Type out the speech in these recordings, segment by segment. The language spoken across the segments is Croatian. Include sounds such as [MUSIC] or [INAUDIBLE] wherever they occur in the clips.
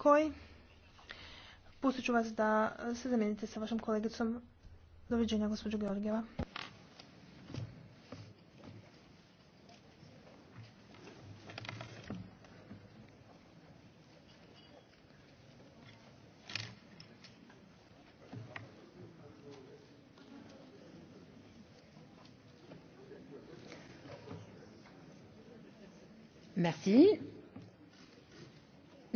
koji. Pustit ću vas da se zamijenite sa vašom kolegicom. Doviđenja, gospođo Georgijeva. Merci.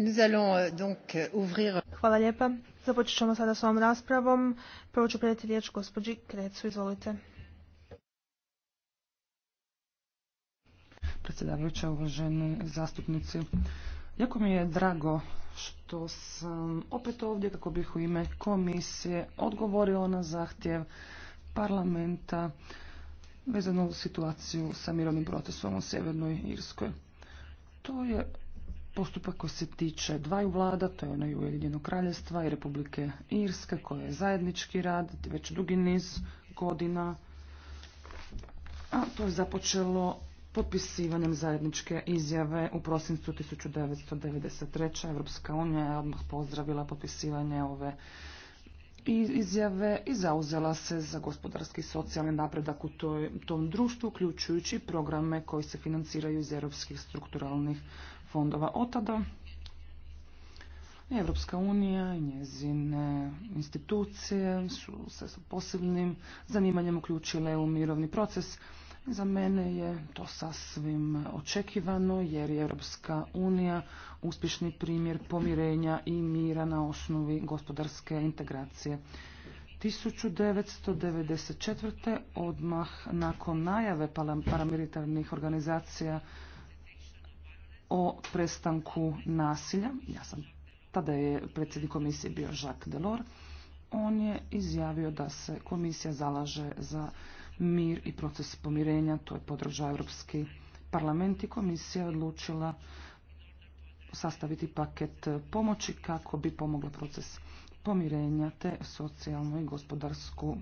Euh, euh, euh, Hvala lijepa. Započet ćemo sada s ovom raspravom. Prvo ću predati riječ gospođi Krecu. Izvolite. Predsjedavajuća, uvaženi zastupnici. Jako mi je drago što sam opet ovdje kako bih u ime komisije odgovorila na zahtjev parlamenta vezano u situaciju sa mirovnim procesom u Sjevernoj Irskoj. To je postupak koji se tiče dvaju vlada, to je onaj Ujedinjeno kraljestva i Republike Irske, koje je zajednički rad već dugi niz godina. A to je započelo potpisivanjem zajedničke izjave u prosincu 1993. Evropska unija je odmah pozdravila potpisivanje ove izjave i zauzela se za gospodarski i socijalni napredak u tom društvu, uključujući programe koji se financiraju iz europskih strukturalnih fondova otada. Evropska unija i njezine institucije su se s posebnim zanimanjem uključile u mirovni proces. Za mene je to sasvim očekivano jer je Evropska unija uspješni primjer pomirenja i mira na osnovi gospodarske integracije. 1994. odmah nakon najave paramilitarnih organizacija o prestanku nasilja. Ja sam tada je predsjednik komisije bio Jacques Delors. On je izjavio da se komisija zalaže za mir i proces pomirenja. To je podržao Europski parlament i komisija je odlučila sastaviti paket pomoći kako bi pomogla proces pomirenja te socijalnu i gospodarsku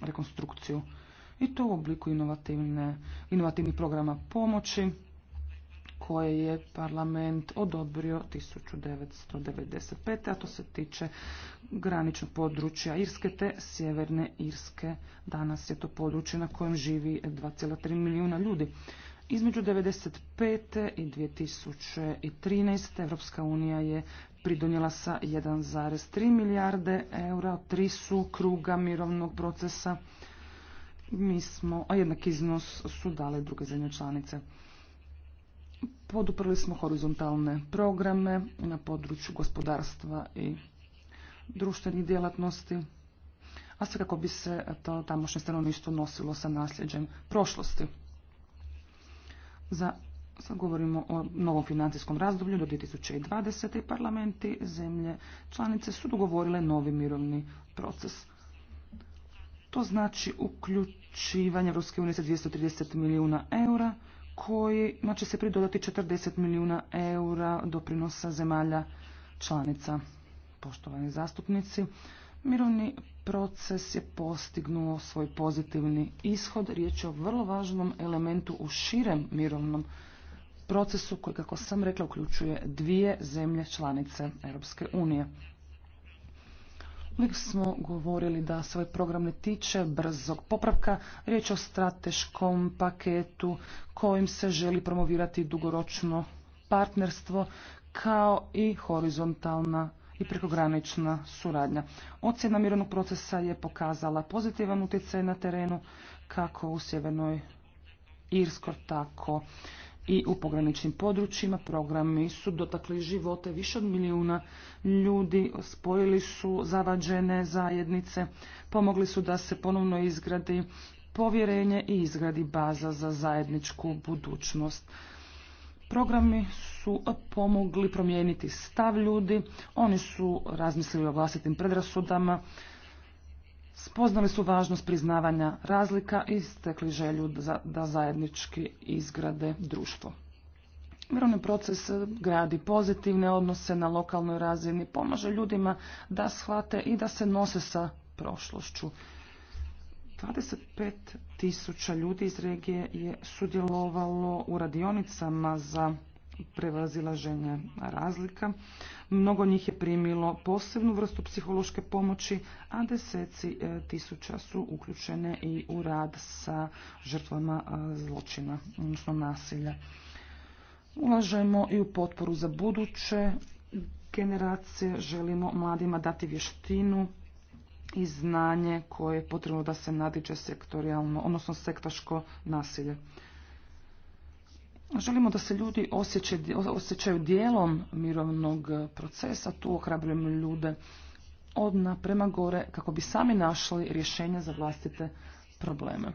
rekonstrukciju i to u obliku inovativnih programa pomoći koje je parlament odobrio 1995. a to se tiče graničnog područja Irske te sjeverne Irske. Danas je to područje na kojem živi 2,3 milijuna ljudi. Između 1995. i 2013. Evropska unija je pridonijela sa 1,3 milijarde eura, tri su kruga mirovnog procesa, mi smo, a jednak iznos su dale druge zemlje članice. Poduprli smo horizontalne programe na području gospodarstva i društvenih djelatnosti, a sve kako bi se to tamošnje stanovništvo nosilo sa nasljeđem prošlosti. Za Sad govorimo o novom financijskom razdoblju do 2020. i parlamenti zemlje članice su dogovorile novi mirovni proces. To znači uključivanje Evropske unije sa 230 milijuna eura kojima će se pridodati 40 milijuna eura doprinosa zemalja članica. Poštovani zastupnici, mirovni proces je postignuo svoj pozitivni ishod. Riječ je o vrlo važnom elementu u širem mirovnom procesu koji, kako sam rekla, uključuje dvije zemlje članice Europske unije. Uvijek smo govorili da se ovaj program ne tiče brzog popravka, riječ o strateškom paketu kojim se želi promovirati dugoročno partnerstvo kao i horizontalna i prekogranična suradnja. Ocjena mirovnog procesa je pokazala pozitivan utjecaj na terenu kako u sjevernoj Irskoj, tako i u pograničnim područjima. Programi su dotakli živote više od milijuna ljudi, spojili su zavađene zajednice, pomogli su da se ponovno izgradi povjerenje i izgradi baza za zajedničku budućnost. Programi su pomogli promijeniti stav ljudi, oni su razmislili o vlastitim predrasudama, Spoznali su važnost priznavanja razlika i stekli želju da zajednički izgrade društvo. Mirovni proces gradi pozitivne odnose na lokalnoj razini, pomaže ljudima da shvate i da se nose sa prošlošću. 25 tisuća ljudi iz regije je sudjelovalo u radionicama za prevazilaženje razlika. Mnogo njih je primilo posebnu vrstu psihološke pomoći, a deseci e, tisuća su uključene i u rad sa žrtvama e, zločina, odnosno nasilja. Ulažemo i u potporu za buduće generacije, želimo mladima dati vještinu, i znanje koje je potrebno da se nadiđe sektorijalno, odnosno sektaško nasilje. Želimo da se ljudi osjećaju dijelom mirovnog procesa, tu ohrabrujemo ljude odna prema gore kako bi sami našli rješenja za vlastite probleme.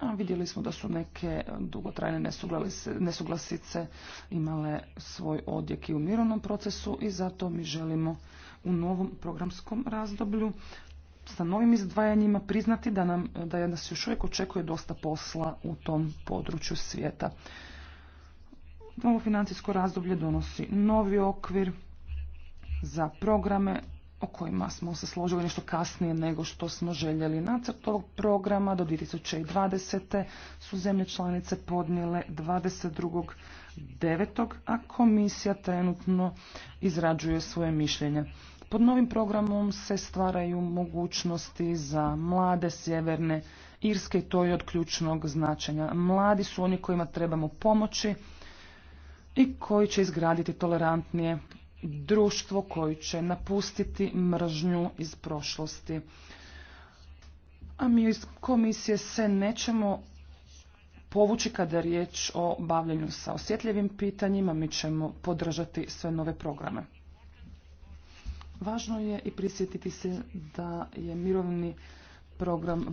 A vidjeli smo da su neke dugotrajne nesuglasice imale svoj odjek i u mirovnom procesu i zato mi želimo u novom programskom razdoblju sa novim izdvajanjima priznati da, nam, da nas još uvijek očekuje dosta posla u tom području svijeta. Novo financijsko razdoblje donosi novi okvir za programe o kojima smo se složili nešto kasnije nego što smo željeli. Nacrt ovog programa do 2020. su zemlje članice podnijele 22.9. a komisija trenutno izrađuje svoje mišljenje. Pod novim programom se stvaraju mogućnosti za mlade sjeverne Irske i to je od ključnog značenja. Mladi su oni kojima trebamo pomoći i koji će izgraditi tolerantnije društvo, koji će napustiti mržnju iz prošlosti. A mi iz komisije se nećemo povući kada je riječ o bavljenju sa osjetljivim pitanjima, mi ćemo podržati sve nove programe. Važno je i prisjetiti se da je mirovni program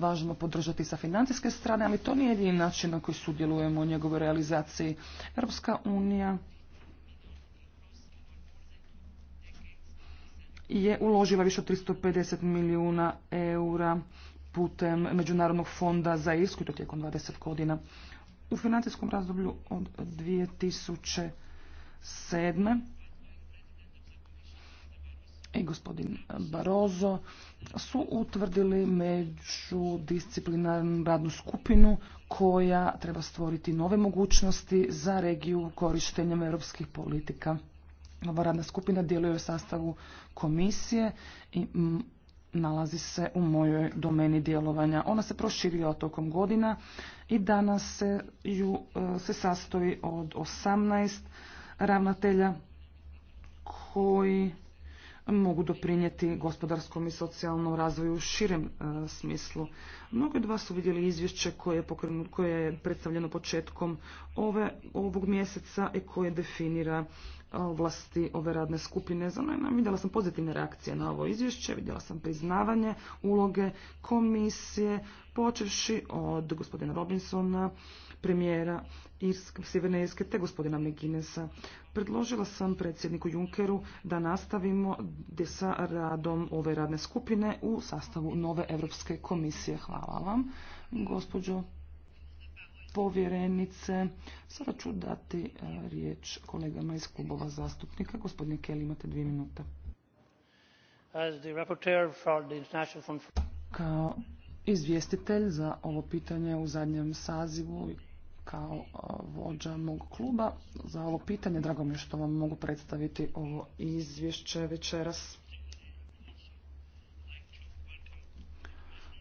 važno, podržati sa financijske strane, ali to nije jedini način na koji sudjelujemo u njegovoj realizaciji. Europska unija je uložila više od 350 milijuna eura putem Međunarodnog fonda za Irsku, to tijekom 20 godina. U financijskom razdoblju od 2007 i gospodin Barozo su utvrdili međudisciplinarnu radnu skupinu koja treba stvoriti nove mogućnosti za regiju korištenjem europskih politika. Ova radna skupina djeluje u sastavu komisije i nalazi se u mojoj domeni djelovanja. Ona se proširila tokom godina i danas se, ju, e, se sastoji od 18 ravnatelja koji mogu doprinijeti gospodarskom i socijalnom razvoju u širem e, smislu. Mnogi od vas su vidjeli izvješće koje je, koje je predstavljeno početkom ovog mjeseca i koje definira e, vlasti ove radne skupine. Za vidjela sam pozitivne reakcije na ovo izvješće, vidjela sam priznavanje uloge komisije, počevši od gospodina Robinsona, premijera Irske, Sjeverne Irske te gospodina Meginesa. Predložila sam predsjedniku Junkeru da nastavimo sa radom ove radne skupine u sastavu nove Europske komisije. Hvala vam, gospođo povjerenice. Sada ću dati e, riječ kolegama iz klubova zastupnika. Gospodine Kelly, imate dvije minute. Kao izvjestitelj za ovo pitanje u zadnjem sazivu kao e, vođa mog kluba za ovo pitanje. Drago mi je što vam mogu predstaviti ovo izvješće večeras.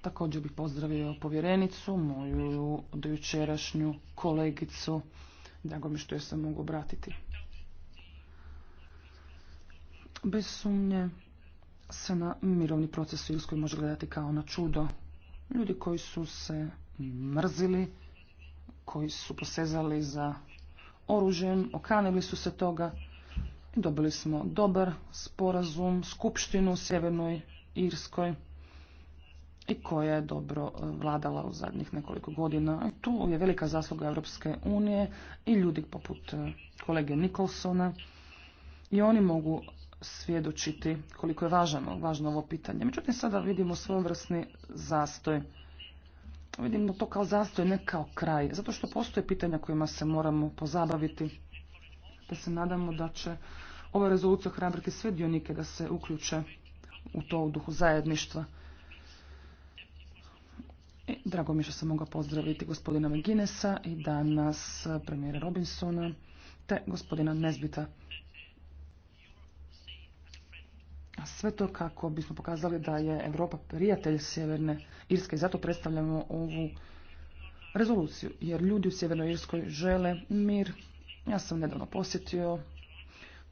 Također bih pozdravio povjerenicu, moju dojučerašnju kolegicu. Drago mi što joj se mogu obratiti. Bez sumnje se na mirovni proces u Ilskoj može gledati kao na čudo. Ljudi koji su se mrzili, koji su posezali za oružjem, okanili su se toga i dobili smo dobar sporazum, skupštinu u Sjevernoj Irskoj i koja je dobro e, vladala u zadnjih nekoliko godina. tu je velika zasluga Europske unije i ljudi poput e, kolege Nikolsona i oni mogu svjedočiti koliko je važno, važno ovo pitanje. Međutim, sada vidimo svojevrsni zastoj. Vidimo to kao zastoj, ne kao kraj, zato što postoje pitanja kojima se moramo pozabaviti, te se nadamo da će ova rezolucija hrabriti sve dionike da se uključe u to u duhu zajedništva. I drago mi je što sam mogao pozdraviti gospodina Meginesa i danas premijera Robinsona te gospodina Nezbita. Sve to kako bismo pokazali da je Europa prijatelj Sjeverne Irske i zato predstavljamo ovu rezoluciju, jer ljudi u Sjevernoj Irskoj žele mir. Ja sam nedavno posjetio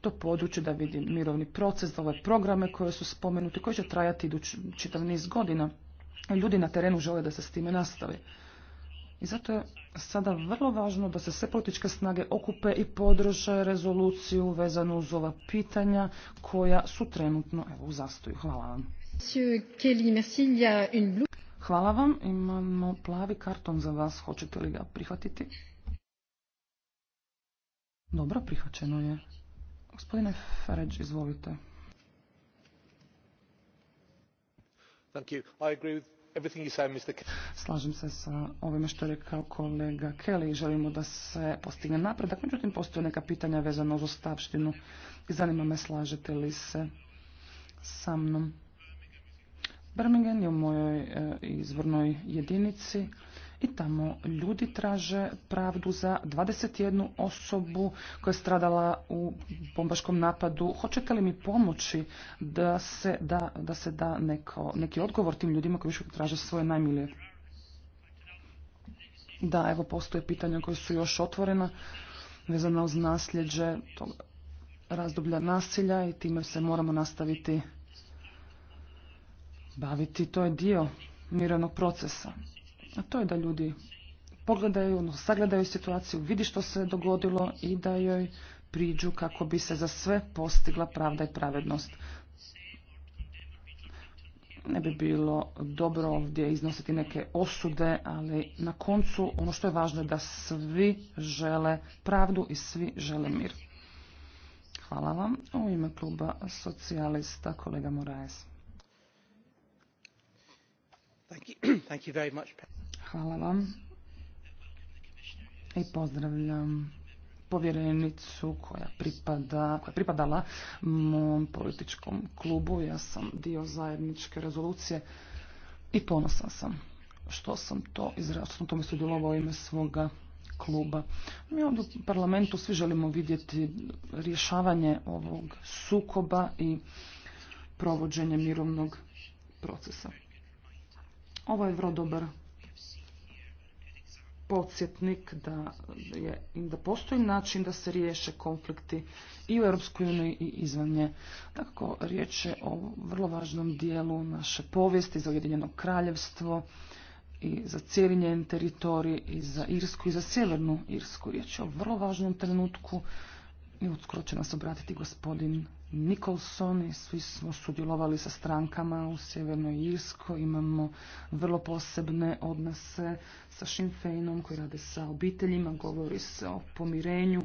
to područje da vidim mirovni proces, ove programe koje su spomenuti, koji će trajati idući čitav niz godina. Ljudi na terenu žele da se s time nastavi. I zato je sada vrlo važno da se sve političke snage okupe i podrže rezoluciju vezanu uz ova pitanja koja su trenutno u zastoju. Hvala vam. Hvala vam. Imamo plavi karton za vas. Hoćete li ga prihvatiti? Dobro, prihvaćeno je. Gospodine Feređ, izvolite. Thank you. I agree Slažem se sa ovime što je rekao kolega Kelly. Želimo da se postigne napredak. Međutim, postoje neka pitanja vezano uz ostavštinu. I zanima me, slažete li se sa mnom? Birmingham je u mojoj e, izvornoj jedinici i tamo ljudi traže pravdu za 21 osobu koja je stradala u bombaškom napadu. Hoćete li mi pomoći da se da, da, se da neko, neki odgovor tim ljudima koji više traže svoje najmilije? Da, evo postoje pitanja koje su još otvorena vezana uz nasljeđe tog razdoblja nasilja i time se moramo nastaviti baviti. To je dio miranog procesa. A to je da ljudi pogledaju, sagledaju situaciju, vidi što se dogodilo i da joj priđu kako bi se za sve postigla pravda i pravednost. Ne bi bilo dobro ovdje iznositi neke osude, ali na koncu ono što je važno je da svi žele pravdu i svi žele mir. Hvala vam. U ime kluba socijalista kolega Moraes. Thank you. [CLEARS THROAT] Thank you very much. Hvala vam. I pozdravljam povjerenicu koja je pripadala mom političkom klubu. Ja sam dio zajedničke rezolucije i ponosan sam što sam to izrazio, sam tome sudjelovao ime svoga kluba. Mi ovdje u parlamentu svi želimo vidjeti rješavanje ovog sukoba i provođenje mirovnog procesa. Ovo je vrlo dobar podsjetnik da, je, da postoji način da se riješe konflikti i u Europskoj uniji i izvan nje. Tako, riječ je o vrlo važnom dijelu naše povijesti za Ujedinjeno kraljevstvo i za cijeli njen teritorij i za Irsku i za Sjevernu Irsku. Riječ je o vrlo važnom trenutku i uskoro će nas obratiti gospodin Nikolson i svi smo sudjelovali sa strankama u Sjevernoj Irsko. Imamo vrlo posebne odnose sa Sinn koji rade sa obiteljima, govori se o pomirenju.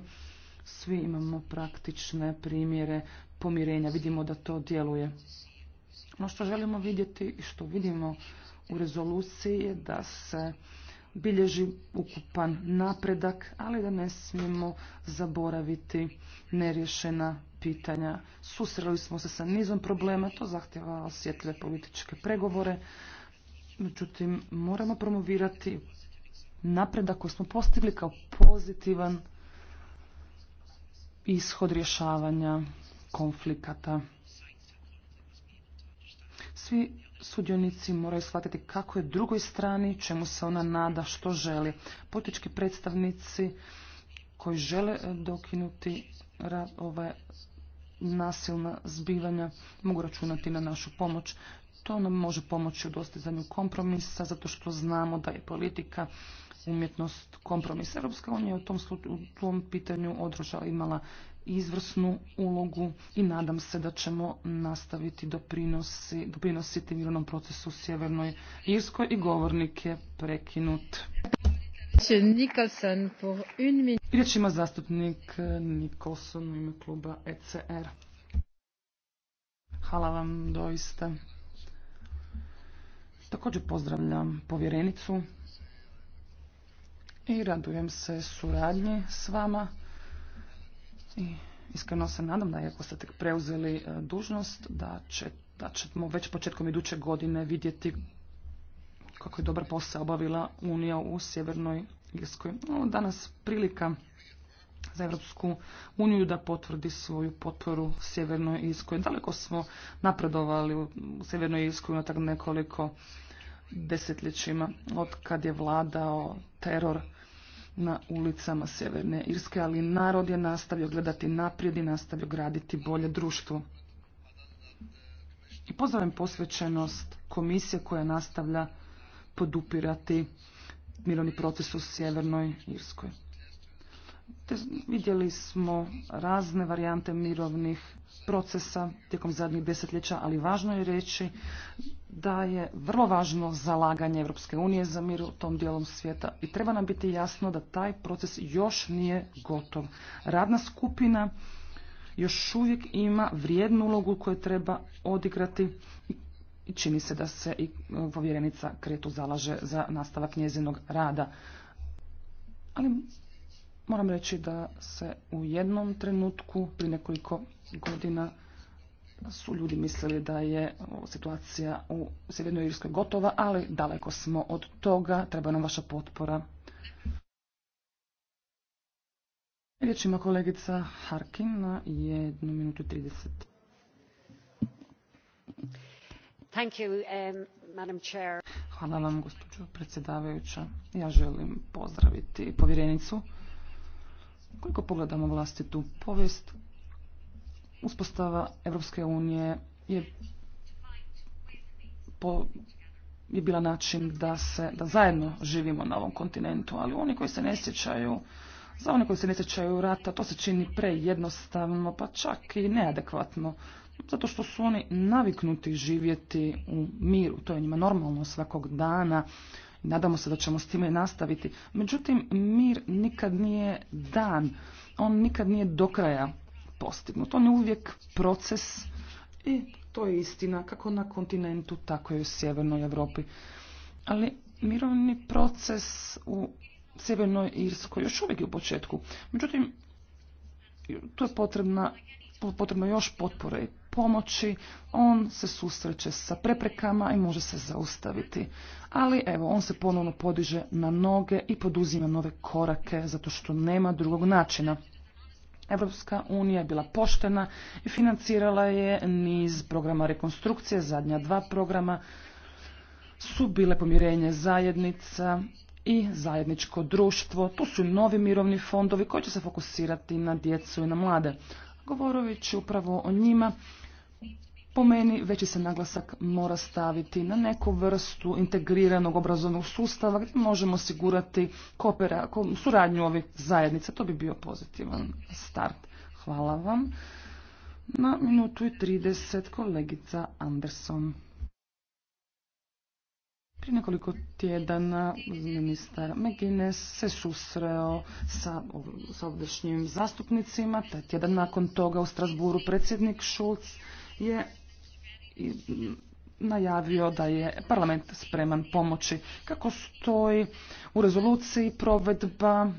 Svi imamo praktične primjere pomirenja, vidimo da to djeluje. Ono što želimo vidjeti i što vidimo u rezoluciji je da se bilježi ukupan napredak, ali da ne smijemo zaboraviti nerješena pitanja. Susreli smo se sa nizom problema, to zahtjeva osjetljive političke pregovore. Međutim, moramo promovirati napredak koji smo postigli kao pozitivan ishod rješavanja konflikata. Svi sudionici moraju shvatiti kako je drugoj strani, čemu se ona nada, što želi. Politički predstavnici koji žele dokinuti ovaj nasilna zbivanja mogu računati na našu pomoć. To nam može pomoći u dostizanju kompromisa, zato što znamo da je politika umjetnost kompromisa. Europska unija je u tom, tom pitanju odroža imala izvrsnu ulogu i nadam se da ćemo nastaviti doprinosi, doprinositi mirnom procesu u Sjevernoj Irskoj i govornik je prekinut zastupnik eh, Nikolson u ime kluba ECR. Hvala vam doista. Također pozdravljam povjerenicu i radujem se suradnji s vama. I iskreno se nadam da iako ste tek preuzeli eh, dužnost da, da ćemo već početkom iduće godine vidjeti kako je dobar posao obavila Unija u Sjevernoj Irskoj. No, danas prilika za Europsku uniju da potvrdi svoju potporu Sjevernoj Irskoj. Daleko smo napredovali u Sjevernoj Irskoj tako nekoliko desetljećima od kad je vladao teror na ulicama Sjeverne Irske, ali narod je nastavio gledati naprijed i nastavio graditi bolje društvo. I pozdravim posvećenost komisije koja nastavlja podupirati mirovni proces u Sjevernoj Irskoj. vidjeli smo razne varijante mirovnih procesa tijekom zadnjih desetljeća, ali važno je reći da je vrlo važno zalaganje Europske unije za mir u tom dijelom svijeta i treba nam biti jasno da taj proces još nije gotov. Radna skupina još uvijek ima vrijednu ulogu koju treba odigrati i čini se da se i e, povjerenica Kretu zalaže za nastavak njezinog rada. Ali moram reći da se u jednom trenutku, pri nekoliko godina, su ljudi mislili da je e, situacija u Sjevernoj Irskoj gotova, ali daleko smo od toga, treba nam vaša potpora. Riječ ima kolegica Harkin na jednu minutu i Um, Hvala vam, gospođo predsjedavajuća. Ja želim pozdraviti povjerenicu. Koliko pogledamo vlastitu povijest, uspostava Europske unije je, po, bila način da, se, da zajedno živimo na ovom kontinentu, ali oni koji se ne za one koji se ne sjećaju rata, to se čini prejednostavno, pa čak i neadekvatno zato što su oni naviknuti živjeti u miru. To je njima normalno svakog dana. Nadamo se da ćemo s time nastaviti. Međutim, mir nikad nije dan. On nikad nije do kraja postignut. On je uvijek proces i to je istina kako na kontinentu, tako i u sjevernoj Europi. Ali mirovni proces u sjevernoj Irskoj još uvijek je u početku. Međutim, tu je potrebna potrebno još potpore i pomoći, on se susreće sa preprekama i može se zaustaviti. Ali evo, on se ponovno podiže na noge i poduzima nove korake zato što nema drugog načina. Evropska unija je bila poštena i financirala je niz programa rekonstrukcije, zadnja dva programa su bile pomirenje zajednica i zajedničko društvo. Tu su novi mirovni fondovi koji će se fokusirati na djecu i na mlade. Govorović upravo o njima, po meni veći se naglasak mora staviti na neku vrstu integriranog obrazovnog sustava gdje možemo osigurati koopera, suradnju ovih zajednica. To bi bio pozitivan start. Hvala vam. Na minutu i 30 kolegica Anderson. Prije nekoliko tjedana ministar McGuinness se susreo sa, sa zastupnicima, taj tjedan nakon toga u Strasburu predsjednik Schulz je najavio da je parlament spreman pomoći. Kako stoji u rezoluciji provedba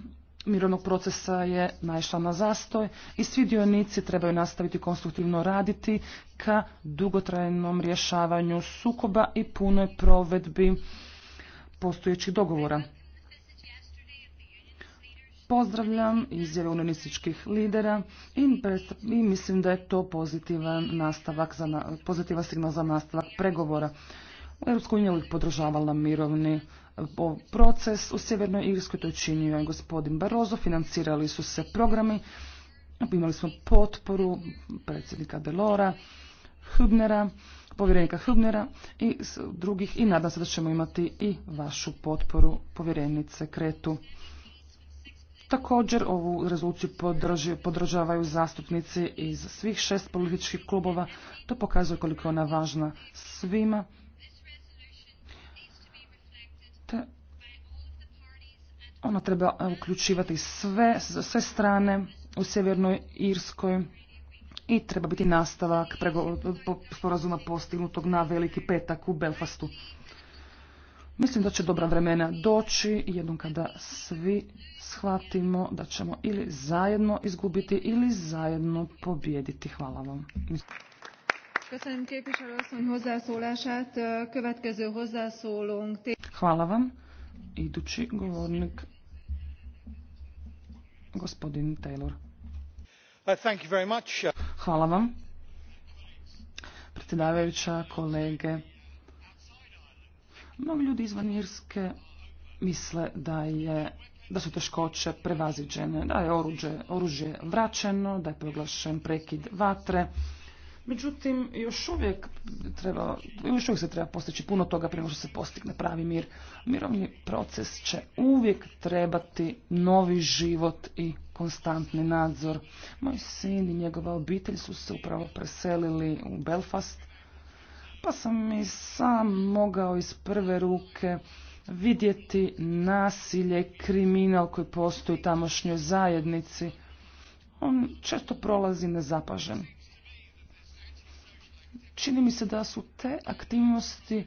mirovnog procesa je naišla na zastoj i svi dionici trebaju nastaviti konstruktivno raditi ka dugotrajnom rješavanju sukoba i punoj provedbi postojećih dogovora. Pozdravljam izjave unionističkih lidera i, mislim da je to pozitivan, nastavak pozitivan signal za nastavak pregovora. Europska unija uvijek podržavala mirovni eh, proces u Sjevernoj Irskoj, to je činio i gospodin Barozo, financirali su se programi, imali smo potporu predsjednika Delora, Hübnera, povjerenika Hübnera i drugih i nadam se da ćemo imati i vašu potporu povjerenice Kretu. Također ovu rezoluciju podržavaju zastupnici iz svih šest političkih klubova. To pokazuje koliko je ona važna svima ono treba e, uključivati sve, sve strane u Sjevernoj Irskoj i treba biti nastavak sporazuma postignutog na Veliki petak u Belfastu. Mislim da će dobra vremena doći jednom kada svi shvatimo da ćemo ili zajedno izgubiti ili zajedno pobijediti. Hvala vam. Hvala vam. Idući govornik, gospodin Taylor. Uh, Hvala vam. Predsjedavajuća, kolege, mnogi ljudi izvan Irske misle da je da su teškoće prevaziđene, da je oruđe, oružje vraćeno, da je proglašen prekid vatre. Međutim, još uvijek, treba, još uvijek se treba postići puno toga prije što se postigne pravi mir. Mirovni proces će uvijek trebati novi život i konstantni nadzor. Moj sin i njegova obitelj su se upravo preselili u Belfast, pa sam i sam mogao iz prve ruke vidjeti nasilje, kriminal koji postoji u tamošnjoj zajednici. On često prolazi nezapažen. Čini mi se da su te aktivnosti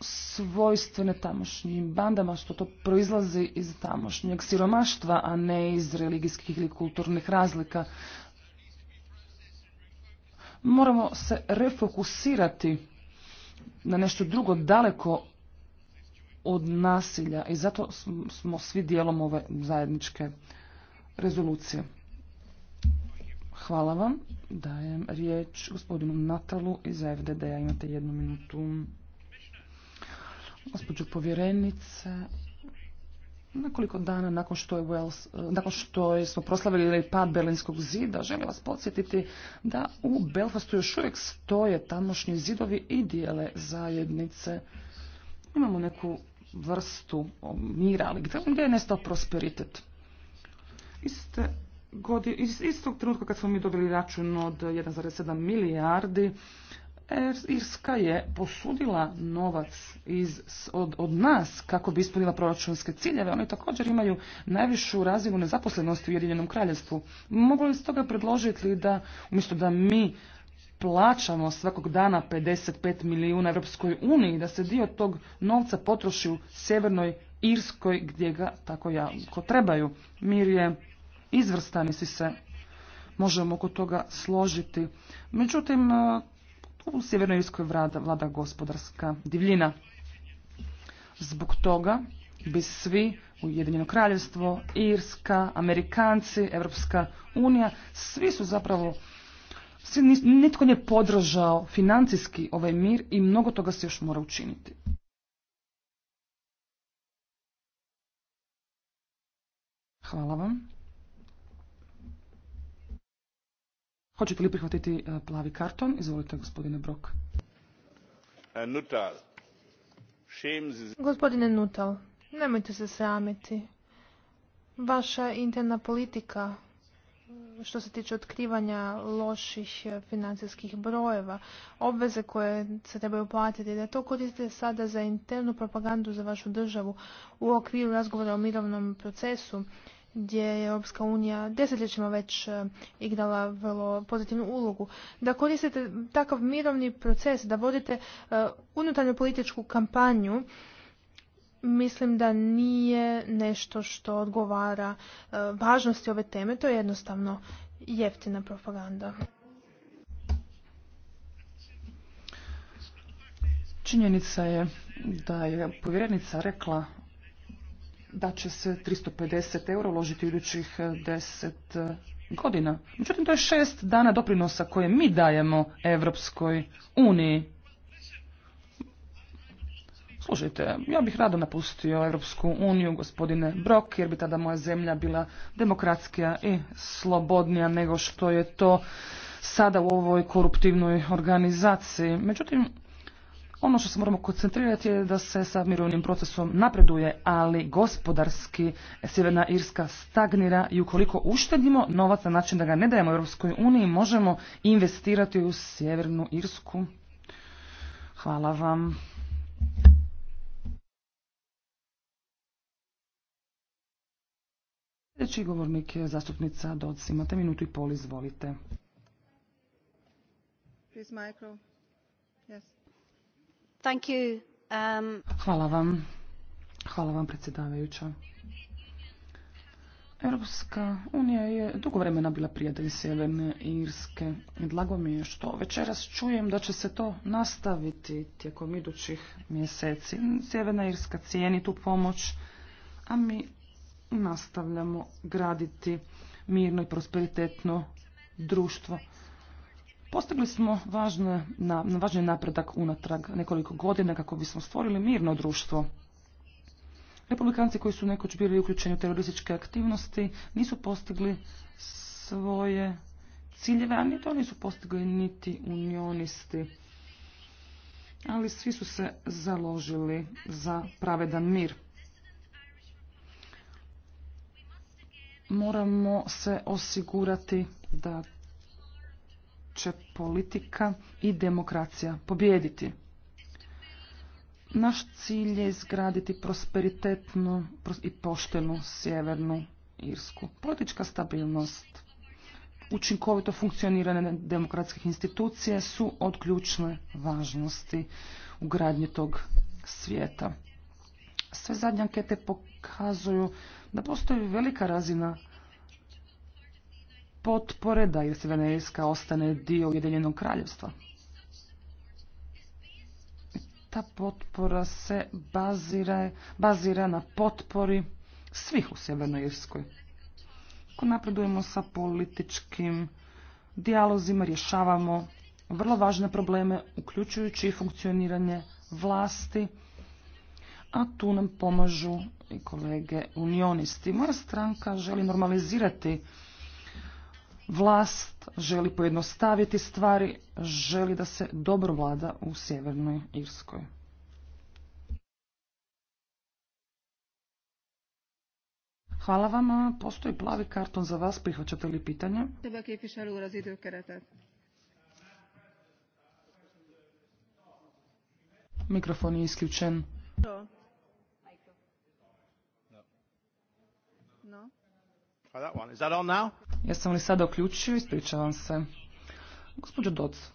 svojstvene tamošnjim bandama, što to proizlazi iz tamošnjeg siromaštva, a ne iz religijskih ili kulturnih razlika. Moramo se refokusirati na nešto drugo daleko od nasilja i zato smo svi dijelom ove zajedničke rezolucije. Hvala vam. Dajem riječ gospodinu Natalu iz FDD-a. Imate jednu minutu. Gospođo povjerenice, nakoliko dana nakon što je eh, nakon što smo proslavili pad Berlinskog zida, želim vas podsjetiti da u Belfastu još uvijek stoje tamošnji zidovi i dijele zajednice. Imamo neku vrstu mira, ali gdje je nestao prosperitet? Vi iz istog trenutka kad smo mi dobili račun od 1,7 milijardi, er- Irska je posudila novac iz, od, od nas kako bi ispunila proračunske ciljeve. Oni također imaju najvišu razinu nezaposlenosti u Ujedinjenom kraljevstvu. Mogu li toga predložiti da umjesto da mi plaćamo svakog dana 55 milijuna Europskoj uniji, da se dio tog novca potroši u Sjevernoj Irskoj gdje ga tako jako trebaju. Mir je izvrstani si se možemo oko toga složiti. Međutim, e, u Sjevernoj Irskoj vlada, gospodarska divljina. Zbog toga bi svi Ujedinjeno kraljevstvo, Irska, Amerikanci, Evropska unija, svi su zapravo, svi, nitko nije podržao financijski ovaj mir i mnogo toga se još mora učiniti. Hvala vam. Hoćete li prihvatiti e, plavi karton? Izvolite, gospodine Brok. E, gospodine Nutal, nemojte se sramiti. Vaša interna politika što se tiče otkrivanja loših e, financijskih brojeva, obveze koje se trebaju platiti, da to koristite sada za internu propagandu za vašu državu u okviru razgovora o mirovnom procesu gdje je Europska unija desetljećima već e, igrala vrlo pozitivnu ulogu. Da koristite takav mirovni proces, da vodite e, unutarnju političku kampanju, mislim da nije nešto što odgovara e, važnosti ove teme. To je jednostavno jeftina propaganda. Činjenica je da je povjerenica rekla da će se 350 euro uložiti u idućih 10 eh, eh, godina. Međutim, to je šest dana doprinosa koje mi dajemo Evropskoj uniji. Slušajte, ja bih rado napustio Evropsku uniju, gospodine Brok, jer bi tada moja zemlja bila demokratskija i slobodnija nego što je to sada u ovoj koruptivnoj organizaciji. Međutim, ono što se moramo koncentrirati je da se sa mirovnim procesom napreduje, ali gospodarski Sjeverna Irska stagnira i ukoliko uštedimo novac na način da ga ne dajemo Europskoj uniji, možemo investirati u Sjevernu Irsku. Hvala vam. Sljedeći govornik je zastupnica Doc. Imate minutu i pol, izvolite. Please, Yes. Thank um, Hvala vam. Hvala vam, predsjedavajuća. Europska unija je dugo vremena bila prijatelj Sjeverne Irske. Dlago mi je što večeras čujem da će se to nastaviti tijekom idućih mjeseci. Sjeverna Irska cijeni tu pomoć, a mi nastavljamo graditi mirno i prosperitetno društvo. Postigli smo važne, na, važni napredak unatrag nekoliko godina kako bismo stvorili mirno društvo. Republikanci koji su nekoć bili uključeni u terorističke aktivnosti nisu postigli svoje ciljeve, a ni to nisu postigli niti unionisti. Ali svi su se založili za pravedan mir. Moramo se osigurati da će politika i demokracija pobijediti. Naš cilj je izgraditi prosperitetnu i poštenu sjevernu Irsku. Politička stabilnost, učinkovito funkcioniranje demokratskih institucija su od ključne važnosti u gradnju tog svijeta. Sve zadnje ankete pokazuju da postoji velika razina potpore da je Sjeverna Irska ostane dio Ujedinjenog kraljevstva. Ta potpora se bazira, bazira na potpori svih u Sjevernoj Irskoj. Ako napredujemo sa političkim dijalozima, rješavamo vrlo važne probleme, uključujući i funkcioniranje vlasti, a tu nam pomažu i kolege unionisti. Moja stranka želi normalizirati Vlast želi pojednostaviti stvari, želi da se dobro vlada u Sjevernoj Irskoj. Hvala vam. Postoji plavi karton za vas. Prihvaćate li pitanje? Mikrofon je isključen. No. Jesam li sada uključio? Ispričavam se. Gospođo Doc,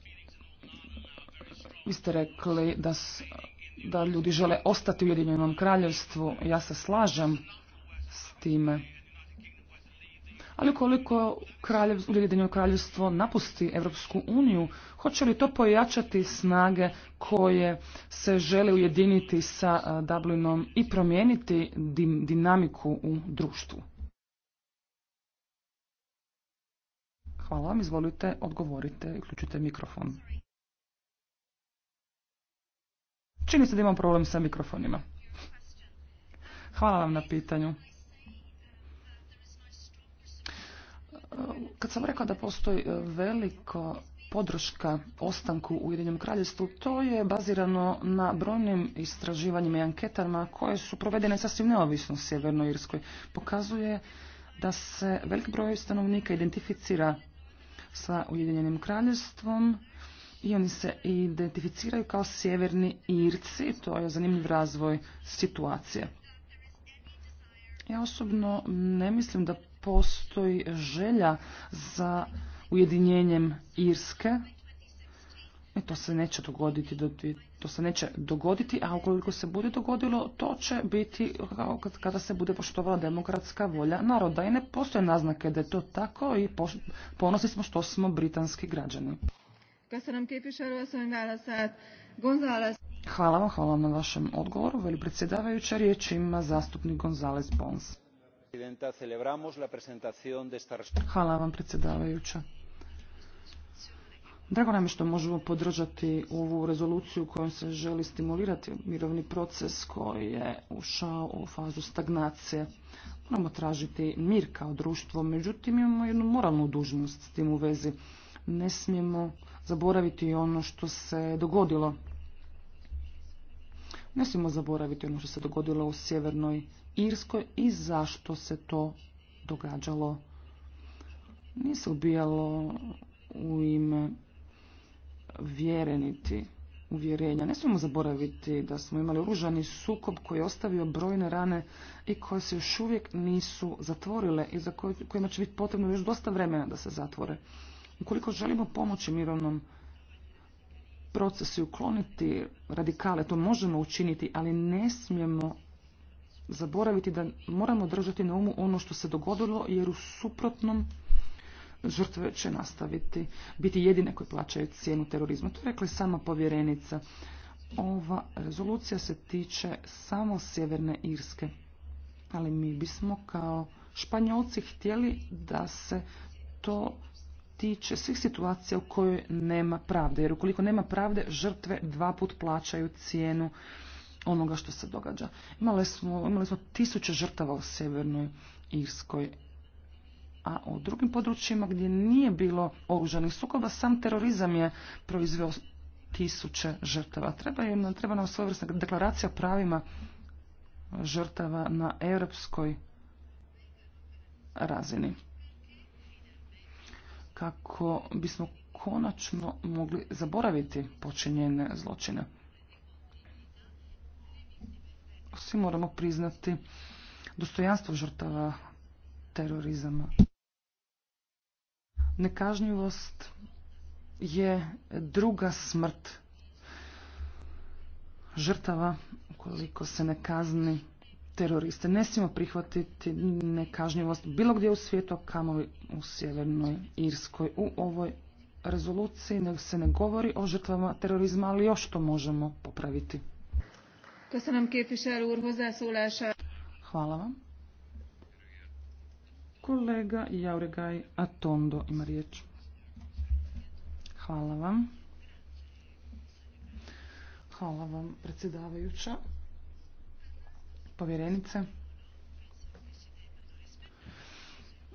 vi ste rekli da, da ljudi žele ostati u Ujedinjenom kraljevstvu. Ja se slažem s time. Ali ukoliko kraljev, Ujedinjeno kraljevstvo napusti Europsku uniju, hoće li to pojačati snage koje se žele ujediniti sa eh, Dublinom i promijeniti dinamiku u društvu? Hvala vam, izvolite, odgovorite i uključite mikrofon. Čini se da imam problem sa mikrofonima. Hvala vam na pitanju. Kad sam rekao da postoji veliko podrška ostanku u Ujedinjenom kraljestvu, to je bazirano na brojnim istraživanjima i anketama koje su provedene sasvim neovisno u Sjevernoj Irskoj. Pokazuje da se velik broj stanovnika identificira sa Ujedinjenim kraljevstvom i oni se identificiraju kao sjeverni Irci. To je zanimljiv razvoj situacije. Ja osobno ne mislim da postoji želja za ujedinjenjem Irske E, to se neće dogoditi, to se neće dogoditi, a ukoliko se bude dogodilo, to će biti kao kada se bude poštovala demokratska volja naroda. I ne postoje naznake da je to tako i ponosni smo što smo britanski građani. Hvala vam, hvala vam na vašem odgovoru. Veli predsjedavajuća riječ ima zastupnik Gonzales Pons. Hvala vam predsjedavajuća. Drago nam je što možemo podržati ovu rezoluciju kojom se želi stimulirati mirovni proces koji je ušao u fazu stagnacije. Moramo tražiti mir kao društvo, međutim imamo jednu moralnu dužnost s tim u vezi. Ne smijemo zaboraviti ono što se dogodilo. Ne smijemo zaboraviti ono što se dogodilo u sjevernoj Irskoj i zašto se to događalo. Nije se ubijalo u ime vjereniti uvjerenja. Ne smijemo zaboraviti da smo imali oružani sukob koji je ostavio brojne rane i koje se još uvijek nisu zatvorile i za kojima će biti potrebno još dosta vremena da se zatvore. Ukoliko želimo pomoći mirovnom procesu i ukloniti radikale, to možemo učiniti, ali ne smijemo zaboraviti da moramo držati na umu ono što se dogodilo, jer u suprotnom žrtve će nastaviti biti jedine koje plaćaju cijenu terorizma. To je rekla sama povjerenica. Ova rezolucija se tiče samo Sjeverne Irske, ali mi bismo kao Španjolci htjeli da se to tiče svih situacija u kojoj nema pravde. Jer ukoliko nema pravde, žrtve dva put plaćaju cijenu onoga što se događa. Imali smo, imali smo tisuće žrtava u Sjevernoj Irskoj a u drugim područjima gdje nije bilo oružanih sukoba, sam terorizam je proizveo tisuće žrtava. Treba, treba nam svojevrsna deklaracija o pravima žrtava na europskoj razini. Kako bismo konačno mogli zaboraviti počinjene zločine. Svi moramo priznati dostojanstvo žrtava terorizama. Nekažnjivost je druga smrt žrtava ukoliko se ne kazni teroriste. Ne smijemo prihvatiti nekažnjivost bilo gdje u svijetu, kamo u Sjevernoj Irskoj. U ovoj rezoluciji nego se ne govori o žrtvama terorizma, ali još to možemo popraviti. Hvala vam. Kolega Jauregaj Atondo ima riječ. Hvala vam. Hvala vam, predsjedavajuća. Povjerenice.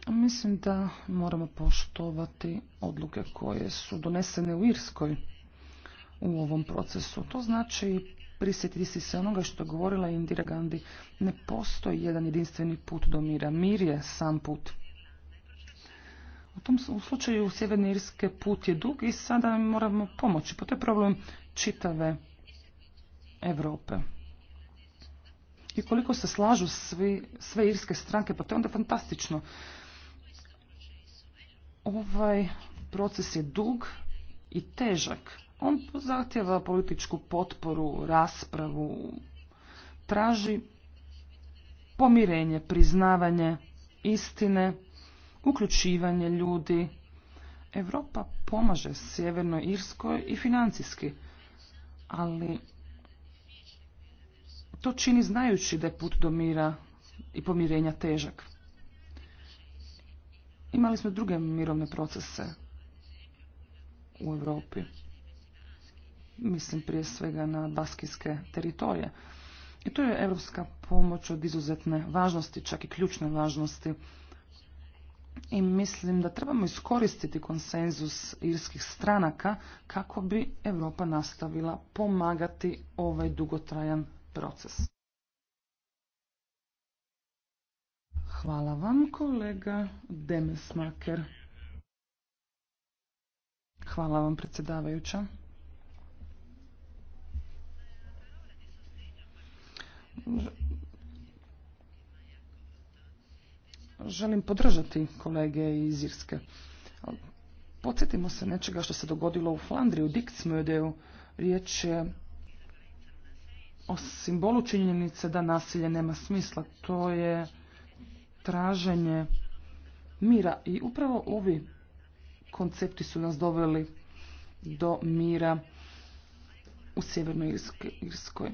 Mislim da moramo poštovati odluke koje su donesene u Irskoj u ovom procesu. To znači prisjetiti se se onoga što je govorila Indira Gandhi. Ne postoji jedan jedinstveni put do mira. Mir je sam put. U tom u slučaju Sjeverne Irske put je dug i sada moramo pomoći. Po pa to je problem čitave Europe. I koliko se slažu svi, sve irske stranke, pa to je onda fantastično. Ovaj proces je dug i težak. On zahtjeva političku potporu, raspravu, traži pomirenje, priznavanje istine, uključivanje ljudi. Europa pomaže Sjevernoj Irskoj i financijski, ali to čini znajući da je put do mira i pomirenja težak. Imali smo druge mirovne procese u Europi mislim prije svega na baskijske teritorije. I to je evropska pomoć od izuzetne važnosti, čak i ključne važnosti. I mislim da trebamo iskoristiti konsenzus irskih stranaka kako bi Europa nastavila pomagati ovaj dugotrajan proces. Hvala vam, kolega Demesmaker. Hvala vam, predsjedavajuća. želim podržati kolege iz Irske. Podsjetimo se nečega što se dogodilo u Flandriji, u Diktsmödeu. Riječ je o simbolu činjenice da nasilje nema smisla. To je traženje mira i upravo ovi koncepti su nas doveli do mira u Sjevernoj Irskoj.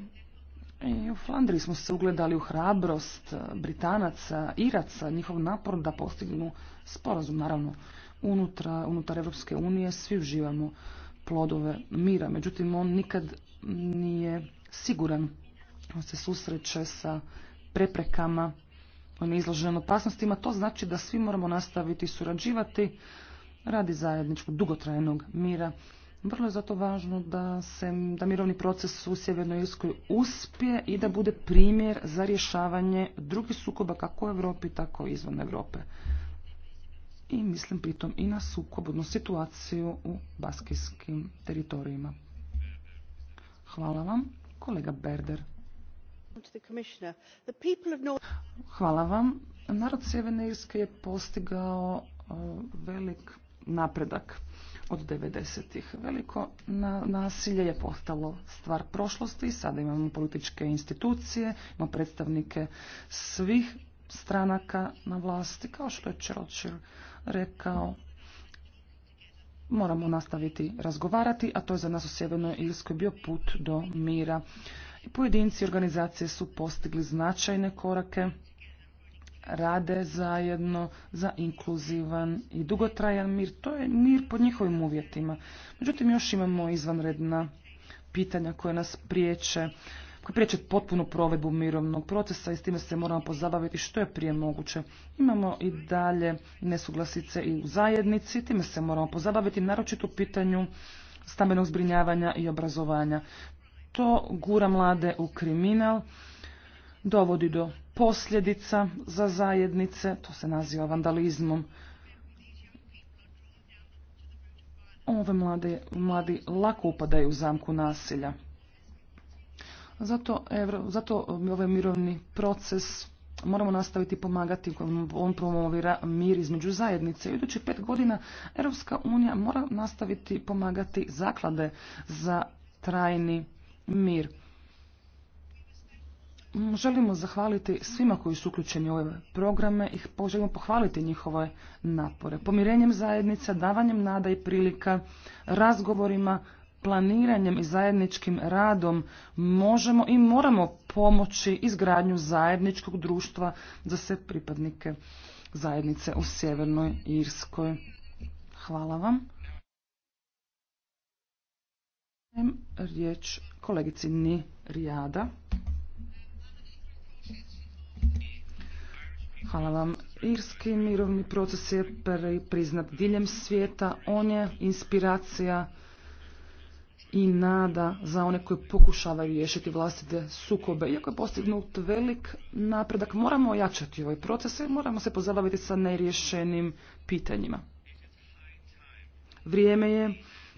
I e, u Flandriji smo se ugledali u hrabrost e, Britanaca, Iraca, njihov napor da postignu sporazum. Naravno, unutra, unutar Europske unije svi uživamo plodove mira, međutim on nikad nije siguran. On se susreće sa preprekama, on je izložen opasnostima. To znači da svi moramo nastaviti surađivati radi zajedničkog dugotrajnog mira vrlo je zato važno da, se, da mirovni proces u Sjevernoj Irskoj uspije i da bude primjer za rješavanje drugih sukoba kako u Europi, tako i izvan Europe. I mislim pritom i na sukob, situaciju u baskijskim teritorijima. Hvala vam, kolega Berder. Hvala vam. Narod Sjeverne Irske je postigao uh, velik napredak od 90-ih. Veliko nasilje je postalo stvar prošlosti, sada imamo političke institucije, imamo predstavnike svih stranaka na vlasti, kao što je Churchill rekao. Moramo nastaviti razgovarati, a to je za nas u Sjevernoj Irskoj bio put do mira. I pojedinci organizacije su postigli značajne korake rade zajedno za inkluzivan i dugotrajan mir. To je mir pod njihovim uvjetima. Međutim, još imamo izvanredna pitanja koje nas priječe koji priječe potpunu provedbu mirovnog procesa i s time se moramo pozabaviti što je prije moguće. Imamo i dalje nesuglasice i u zajednici, time se moramo pozabaviti naročito u pitanju stambenog zbrinjavanja i obrazovanja. To gura mlade u kriminal, dovodi do posljedica za zajednice, to se naziva vandalizmom. Ove mlade, mladi lako upadaju u zamku nasilja. Zato, evro, zato ovaj mirovni proces moramo nastaviti pomagati, on promovira mir između zajednice. U idućih pet godina Europska unija mora nastaviti pomagati zaklade za trajni mir. Želimo zahvaliti svima koji su uključeni u ove programe i želimo pohvaliti njihove napore. Pomirenjem zajednica, davanjem nada i prilika, razgovorima, planiranjem i zajedničkim radom možemo i moramo pomoći izgradnju zajedničkog društva za sve pripadnike zajednice u Sjevernoj Irskoj. Hvala vam. Riječ kolegici Ni Rijada. Hvala vam. Irski mirovni proces je priznat diljem svijeta. On je inspiracija i nada za one koji pokušavaju riješiti vlastite sukobe. Iako je postignut velik napredak, moramo ojačati ovaj proces i moramo se pozabaviti sa neriješenim pitanjima. Vrijeme je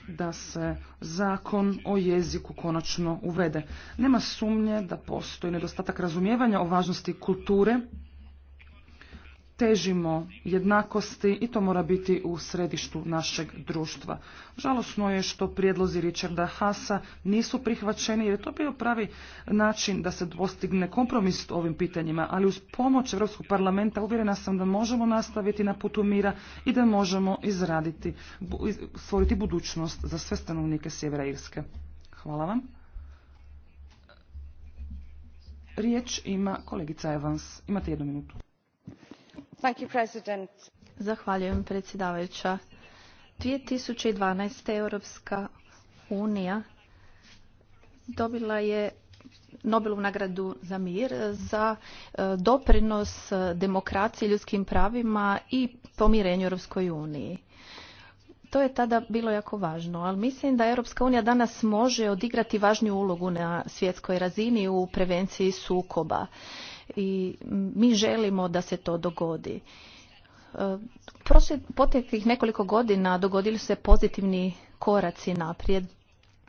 da se zakon o jeziku konačno uvede. Nema sumnje da postoji nedostatak razumijevanja o važnosti kulture težimo jednakosti i to mora biti u središtu našeg društva. Žalosno je što prijedlozi Richarda Hasa nisu prihvaćeni jer je to bio pravi način da se postigne kompromis ovim pitanjima, ali uz pomoć Europskog parlamenta uvjerena sam da možemo nastaviti na putu mira i da možemo izraditi, stvoriti budućnost za sve stanovnike Sjevera Irske. Hvala vam. Riječ ima kolegica Evans. Imate jednu minutu. Thank you, dvije tisuće dvanaest 2012. Europska unija dobila je Nobelovu nagradu za mir za e, doprinos demokraciji, ljudskim pravima i pomirenju Europskoj uniji. To je tada bilo jako važno, ali mislim da Europska unija danas može odigrati važniju ulogu na svjetskoj razini u prevenciji sukoba i mi želimo da se to dogodi. E, Poteklih nekoliko godina dogodili su se pozitivni koraci naprijed,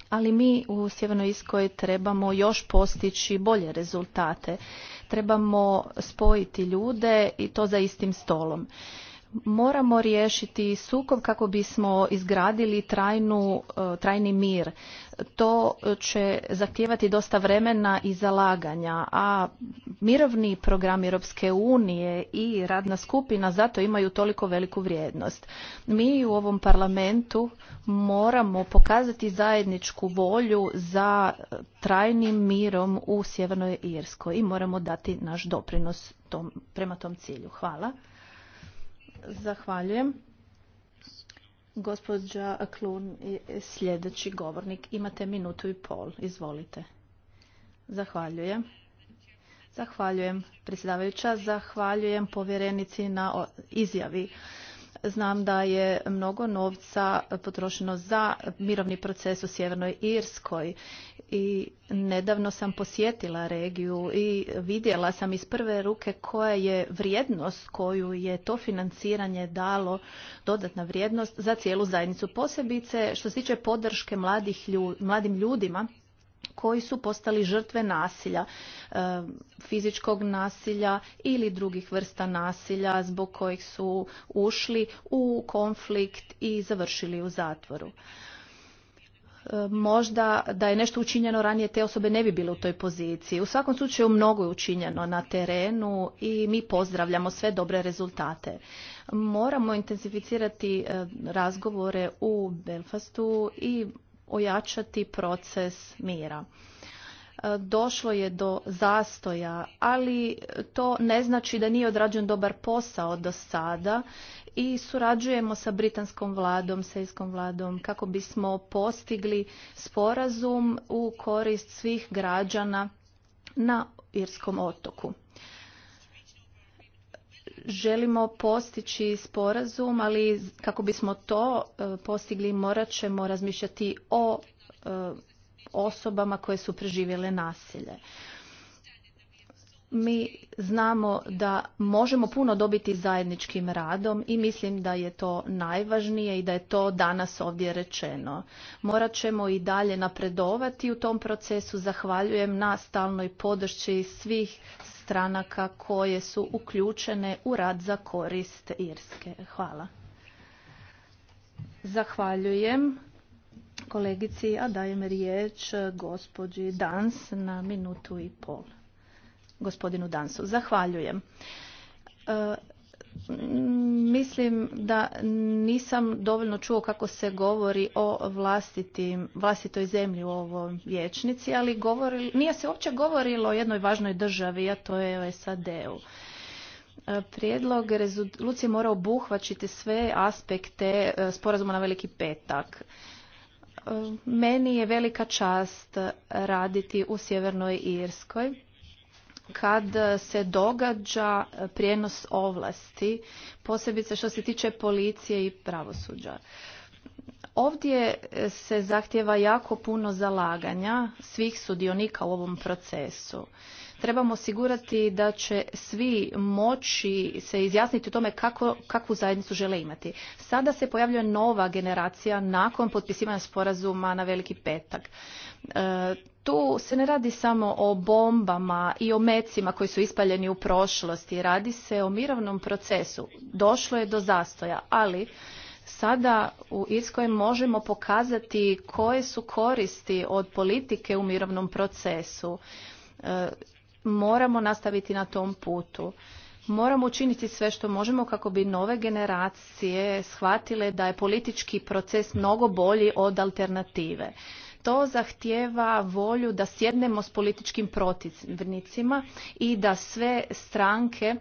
ali mi u Sjevernoj Iskoj trebamo još postići bolje rezultate. Trebamo spojiti ljude i to za istim stolom moramo riješiti sukob kako bismo izgradili trajnu, e, trajni mir. To će zahtijevati dosta vremena i zalaganja, a mirovni program Europske unije i radna skupina zato imaju toliko veliku vrijednost. Mi u ovom parlamentu moramo pokazati zajedničku volju za trajnim mirom u Sjevernoj Irskoj i moramo dati naš doprinos tom, prema tom cilju. Hvala. Zahvaljujem. Gospođa Klun je sljedeći govornik. Imate minutu i pol. Izvolite. Zahvaljujem. Zahvaljujem predsjedavajuća, zahvaljujem povjerenici na izjavi. Znam da je mnogo novca potrošeno za mirovni proces u Sjevernoj Irskoj i nedavno sam posjetila regiju i vidjela sam iz prve ruke koja je vrijednost koju je to financiranje dalo dodatna vrijednost za cijelu zajednicu posebice što se tiče podrške mladih mladim ljudima koji su postali žrtve nasilja, e, fizičkog nasilja ili drugih vrsta nasilja zbog kojih su ušli u konflikt i završili u zatvoru e, možda da je nešto učinjeno ranije te osobe ne bi bile u toj poziciji. U svakom slučaju mnogo je učinjeno na terenu i mi pozdravljamo sve dobre rezultate. Moramo intenzificirati e, razgovore u Belfastu i ojačati proces mira. E, došlo je do zastoja, ali to ne znači da nije odrađen dobar posao do sada i surađujemo sa britanskom vladom, sejskom vladom kako bismo postigli sporazum u korist svih građana na Irskom otoku želimo postići sporazum, ali kako bismo to e, postigli morat ćemo razmišljati o e, osobama koje su preživjele nasilje mi znamo da možemo puno dobiti zajedničkim radom i mislim da je to najvažnije i da je to danas ovdje rečeno. Morat ćemo i dalje napredovati u tom procesu. Zahvaljujem na stalnoj podršci svih stranaka koje su uključene u rad za korist Irske. Hvala. Zahvaljujem kolegici, a dajem riječ gospođi Dans na minutu i pol gospodinu Dansu. Zahvaljujem. E, mislim da nisam dovoljno čuo kako se govori o vlastitoj zemlji u ovoj vječnici, ali nije se uopće govorilo o jednoj važnoj državi, a to je o SAD-u. E, prijedlog rezolucije mora obuhvaćiti sve aspekte e, sporazuma na veliki petak. Meni je velika čast raditi u Sjevernoj Irskoj kad se događa prijenos ovlasti, posebice što se tiče policije i pravosuđa. Ovdje se zahtjeva jako puno zalaganja svih sudionika u ovom procesu. Trebamo osigurati da će svi moći se izjasniti o tome kako, kakvu zajednicu žele imati. Sada se pojavljuje nova generacija nakon potpisivanja sporazuma na Veliki petak. E, tu se ne radi samo o bombama i o mecima koji su ispaljeni u prošlosti, radi se o mirovnom procesu. Došlo je do zastoja, ali sada u Irskoj možemo pokazati koje su koristi od politike u mirovnom procesu. E, moramo nastaviti na tom putu. Moramo učiniti sve što možemo kako bi nove generacije shvatile da je politički proces mnogo bolji od alternative to zahtjeva volju da sjednemo s političkim protivnicima i da sve stranke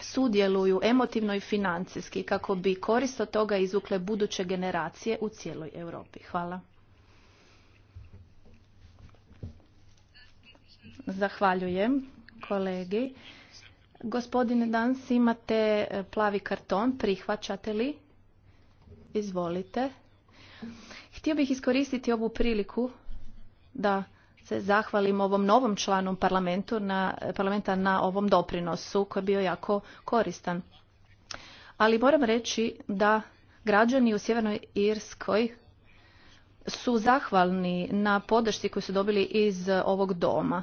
sudjeluju emotivno i financijski kako bi korist od toga izvukle buduće generacije u cijeloj Europi. Hvala. Zahvaljujem kolegi. Gospodine Dans, imate eh, plavi karton, prihvaćate li? Izvolite. Htio bih iskoristiti ovu priliku da se zahvalim ovom novom članu parlamentu na, parlamenta na ovom doprinosu koji je bio jako koristan. Ali moram reći da građani u Sjevernoj Irskoj su zahvalni na podršci koju su dobili iz ovog doma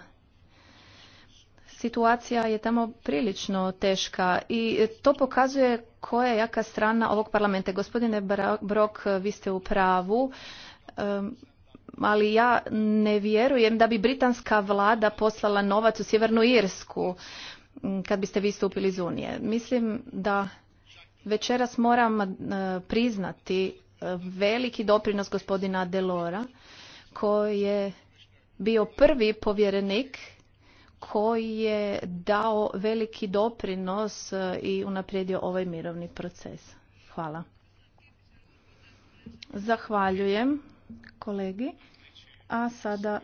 situacija je tamo prilično teška i to pokazuje koja je jaka strana ovog parlamenta. Gospodine Brok, vi ste u pravu, ali ja ne vjerujem da bi britanska vlada poslala novac u Sjevernu Irsku kad biste vi stupili iz Unije. Mislim da večeras moram priznati veliki doprinos gospodina Delora koji je bio prvi povjerenik koji je dao veliki doprinos e, i unaprijedio ovaj mirovni proces. Hvala. Zahvaljujem kolegi. A sada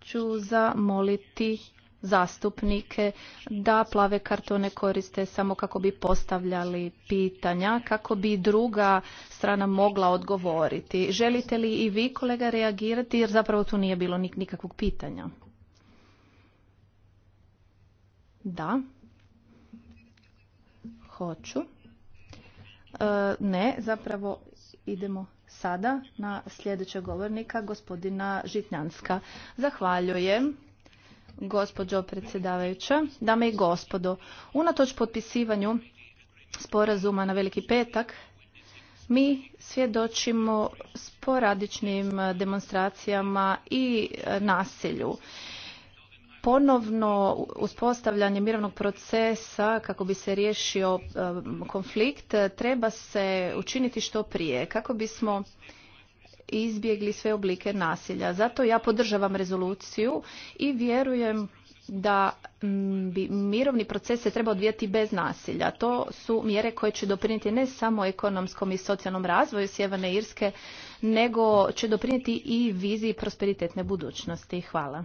ću zamoliti zastupnike da plave kartone koriste samo kako bi postavljali pitanja, kako bi druga strana mogla odgovoriti. Želite li i vi kolega reagirati jer zapravo tu nije bilo nikakvog pitanja. Da. Hoću. E, ne, zapravo idemo sada na sljedećeg govornika, gospodina Žitnjanska. Zahvaljujem. Gospođo predsjedavajuća, dame i gospodo, unatoč potpisivanju sporazuma na Veliki petak, mi svjedočimo sporadičnim demonstracijama i nasilju ponovno uspostavljanje mirovnog procesa kako bi se riješio e, konflikt treba se učiniti što prije kako bismo izbjegli sve oblike nasilja. Zato ja podržavam rezoluciju i vjerujem da bi mirovni proces se treba odvijati bez nasilja. To su mjere koje će doprinijeti ne samo ekonomskom i socijalnom razvoju Sjeverne Irske, nego će doprinijeti i viziji prosperitetne budućnosti. Hvala.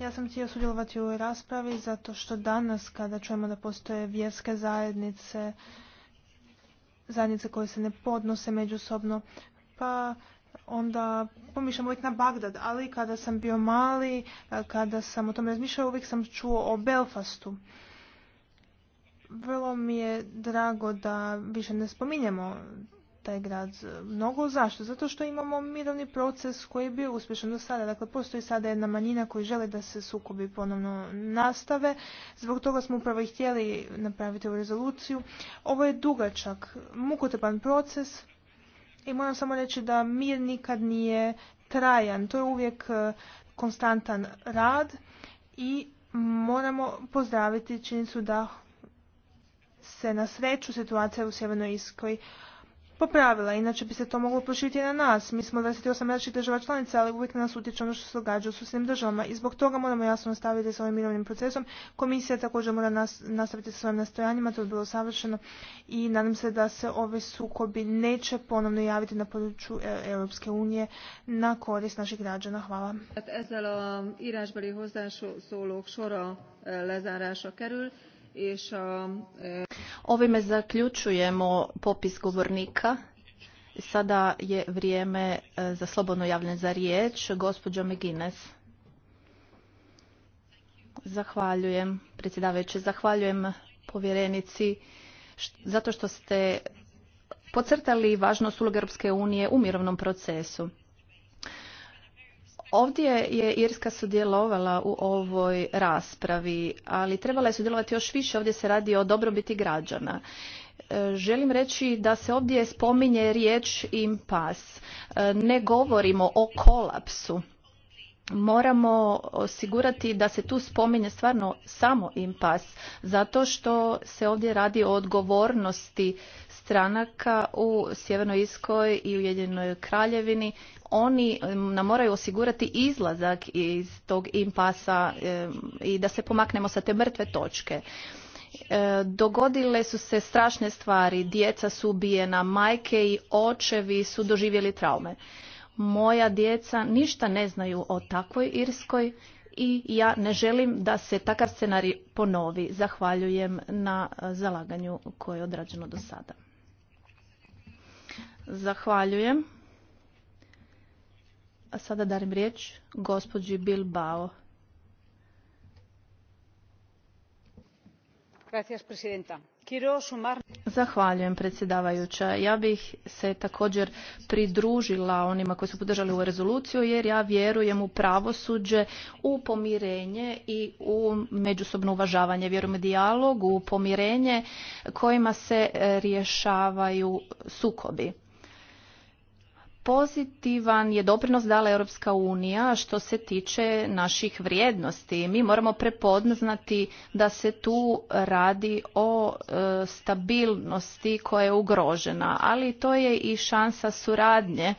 Ja sam htio sudjelovati u raspravi zato što danas kada čujemo da postoje vjerske zajednice, zajednice koje se ne podnose međusobno, pa onda pomišljam uvijek na Bagdad, ali kada sam bio mali, kada sam o tom razmišljao, uvijek sam čuo o Belfastu. Vrlo mi je drago da više ne spominjemo taj grad mnogo. Zašto? Zato što imamo mirovni proces koji je bio uspješan do sada. Dakle, postoji sada jedna manjina koji žele da se sukobi ponovno nastave. Zbog toga smo upravo i htjeli napraviti ovu rezoluciju. Ovo je dugačak, mukotepan proces i moram samo reći da mir nikad nije trajan. To je uvijek e, konstantan rad i moramo pozdraviti činjenicu da se na sreću situacija u Sjevernoj Iskoj popravila, inače bi se to moglo i na nas. Mi smo 28 različitih država članica, ali uvijek nas utječe ono što se događa u susjednim državama i zbog toga moramo jasno nastaviti s ovim mirovnim procesom. Komisija također mora nastaviti sa svojim nastojanjima, to je bilo savršeno i nadam se da se ove sukobi neće ponovno javiti na području e, Europske unije na korist naših građana. Hvala. Ezzel a írásbeli sora e, kerül. E, Ovime zaključujemo popis govornika. Sada je vrijeme e, za slobodno javljanje za riječ. Gospođo Megines. Zahvaljujem, predsjedavajući. Zahvaljujem povjerenici zato što ste pocrtali važnost uloge Europske unije u mirovnom procesu. Ovdje je Irska sudjelovala u ovoj raspravi, ali trebala je sudjelovati još više. Ovdje se radi o dobrobiti građana. E, želim reći da se ovdje spominje riječ impas. E, ne govorimo o kolapsu. Moramo osigurati da se tu spominje stvarno samo impas, zato što se ovdje radi o odgovornosti stranaka u Sjevernoj Iskoj i Ujedinjenoj Kraljevini oni nam moraju osigurati izlazak iz tog impasa i da se pomaknemo sa te mrtve točke e, dogodile su se strašne stvari djeca su ubijena majke i očevi su doživjeli traume moja djeca ništa ne znaju o takvoj irskoj i ja ne želim da se takav scenarij ponovi zahvaljujem na zalaganju koje je odrađeno do sada zahvaljujem a sada darim riječ gospođi Bilbao. Zahvaljujem predsjedavajuća. Ja bih se također pridružila onima koji su podržali ovu rezoluciju jer ja vjerujem u pravosuđe, u pomirenje i u međusobno uvažavanje. Vjerujem u dijalog, u pomirenje kojima se rješavaju sukobi pozitivan je doprinos dala Europska unija što se tiče naših vrijednosti. Mi moramo prepoznati da se tu radi o e, stabilnosti koja je ugrožena, ali to je i šansa suradnje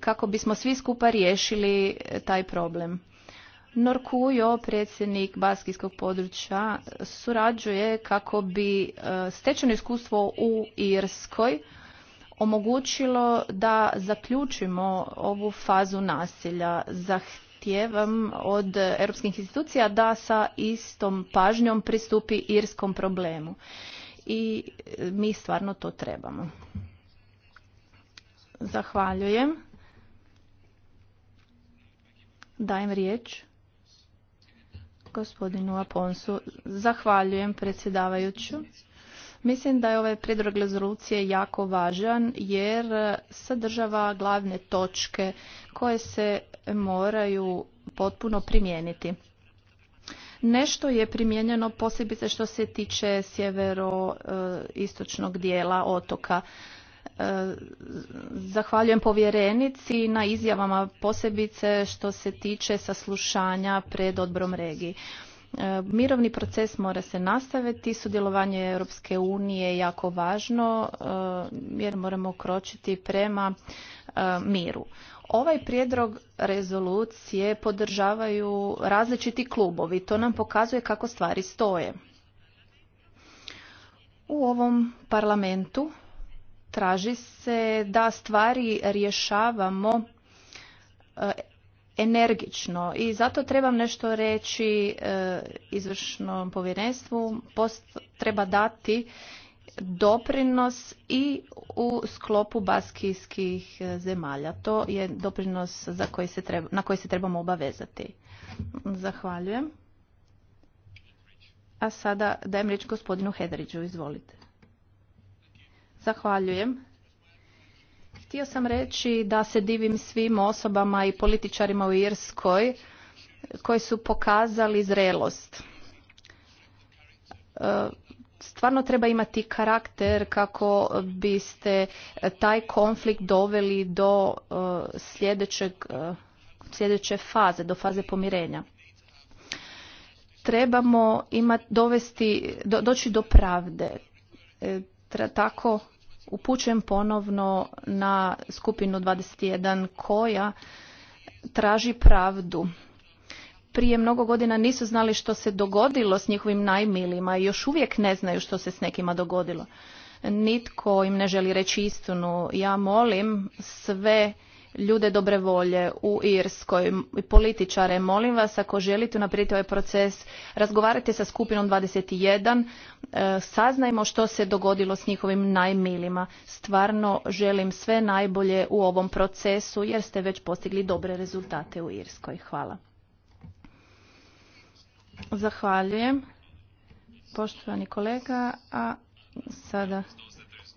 kako bismo svi skupa riješili taj problem. Norkujo, predsjednik Baskijskog područja, surađuje kako bi e, stečeno iskustvo u Irskoj omogućilo da zaključimo ovu fazu nasilja. Zahtijevam od europskih institucija da sa istom pažnjom pristupi irskom problemu. I e, mi stvarno to trebamo. Zahvaljujem. Dajem riječ gospodinu Aponsu. Zahvaljujem predsjedavajuću. Mislim da je ovaj prijedlog rezolucije jako važan jer sadržava glavne točke koje se moraju potpuno primijeniti. Nešto je primijenjeno posebice što se tiče sjeveroistočnog dijela otoka. E, zahvaljujem povjerenici na izjavama posebice što se tiče saslušanja pred odbrom regiji. E, mirovni proces mora se nastaviti, sudjelovanje Europske unije je jako važno e, jer moramo kročiti prema e, miru. Ovaj prijedlog rezolucije podržavaju različiti klubovi, to nam pokazuje kako stvari stoje. U ovom parlamentu traži se da stvari rješavamo energično i zato trebam nešto reći e, izvršnom povjerenstvu. Post treba dati doprinos i u sklopu baskijskih e, zemalja. To je doprinos za koji se treba, na koji se trebamo obavezati. Zahvaljujem. A sada dajem riječ gospodinu Hedriđu. Izvolite. Zahvaljujem. Htio sam reći da se divim svim osobama i političarima u Irskoj koji su pokazali zrelost. E, stvarno treba imati karakter kako biste taj konflikt doveli do e, e, sljedeće faze, do faze pomirenja. Trebamo imati, dovesti, doći do pravde. tako upućujem ponovno na skupinu 21 koja traži pravdu. Prije mnogo godina nisu znali što se dogodilo s njihovim najmilima i još uvijek ne znaju što se s nekima dogodilo. Nitko im ne želi reći istinu. Ja molim sve ljude dobre volje u Irskoj i političare. Molim vas, ako želite naprijediti ovaj proces, razgovarajte sa skupinom 21, e, saznajmo što se dogodilo s njihovim najmilima. Stvarno želim sve najbolje u ovom procesu jer ste već postigli dobre rezultate u Irskoj. Hvala. Zahvaljujem. Poštovani kolega, a sada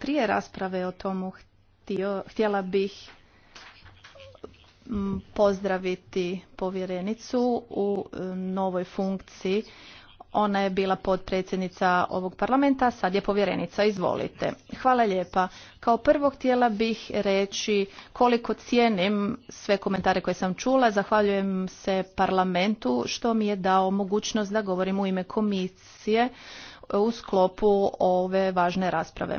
prije rasprave o tomu htjela bih mm, pozdraviti povjerenicu u e, novoj funkciji. Ona je bila potpredsjednica ovog parlamenta, sad je povjerenica, izvolite. Hvala lijepa. Kao prvo htjela bih reći koliko cijenim sve komentare koje sam čula. Zahvaljujem se parlamentu što mi je dao mogućnost da govorim u ime komisije u sklopu ove važne rasprave.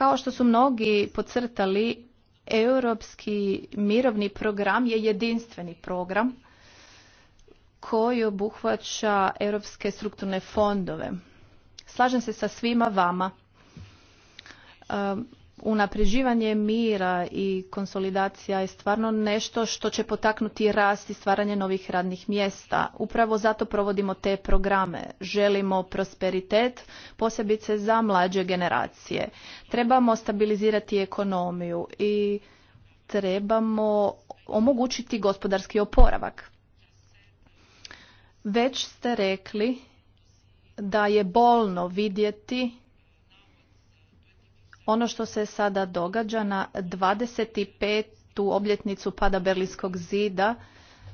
Kao što su mnogi podcrtali, europski mirovni program je jedinstveni program koji obuhvaća europske strukturne fondove. Slažem se sa svima vama unapređivanje mira i konsolidacija je stvarno nešto što će potaknuti rast i stvaranje novih radnih mjesta. Upravo zato provodimo te programe. Želimo prosperitet, posebice za mlađe generacije. Trebamo stabilizirati ekonomiju i trebamo omogućiti gospodarski oporavak. Već ste rekli da je bolno vidjeti ono što se sada događa na 25. obljetnicu pada Berlinskog zida,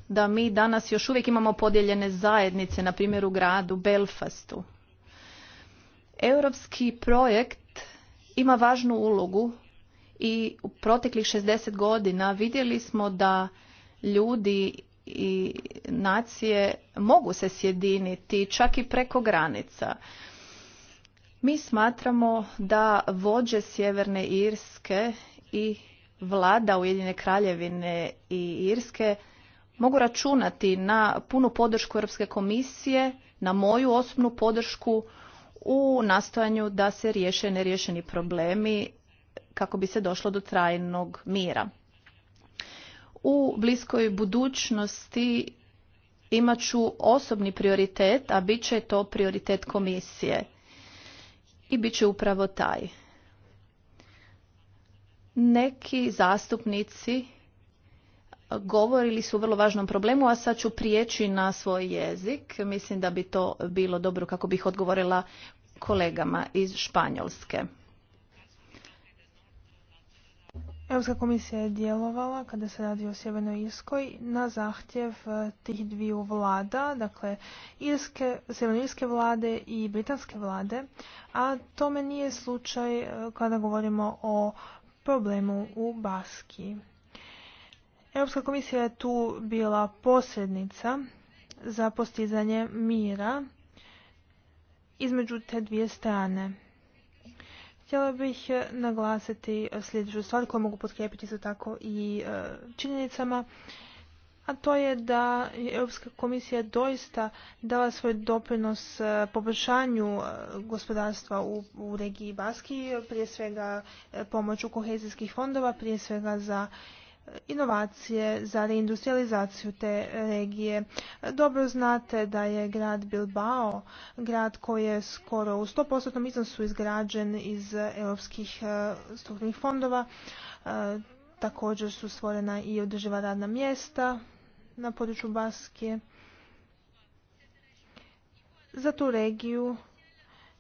da mi danas još uvijek imamo podijeljene zajednice, na primjer u gradu Belfastu. Europski projekt ima važnu ulogu i u proteklih 60 godina vidjeli smo da ljudi i nacije mogu se sjediniti čak i preko granica. Mi smatramo da vođe Sjeverne Irske i vlada Ujedine kraljevine i Irske mogu računati na punu podršku Europske komisije, na moju osobnu podršku u nastojanju da se riješe neriješeni problemi kako bi se došlo do trajnog mira. U bliskoj budućnosti imat ću osobni prioritet, a bit će to prioritet komisije – i bit će upravo taj. Neki zastupnici govorili su o vrlo važnom problemu, a sad ću prijeći na svoj jezik. Mislim da bi to bilo dobro kako bih odgovorila kolegama iz Španjolske. Europska komisija je djelovala kada se radi o Sjevernoj Irskoj na zahtjev e, tih dviju vlada, dakle Irske, vlade i Britanske vlade, a tome nije slučaj e, kada govorimo o problemu u Baski. Europska komisija je tu bila posrednica za postizanje mira između te dvije strane. Htjela bih e, naglasiti e, sljedeću stvar koju mogu potkrijepiti za tako i e, činjenicama, a to je da je Europska komisija doista dala svoj doprinos poboljšanju gospodarstva u, u regiji Baski, prije svega pomoću kohezijskih fondova, prije svega za inovacije, za reindustrializaciju te regije. Dobro znate da je grad Bilbao, grad koji je skoro u 100% iznosu izgrađen iz europskih e, strukturnih fondova. E, također su stvorena i održiva radna mjesta na području Baske. Za tu regiju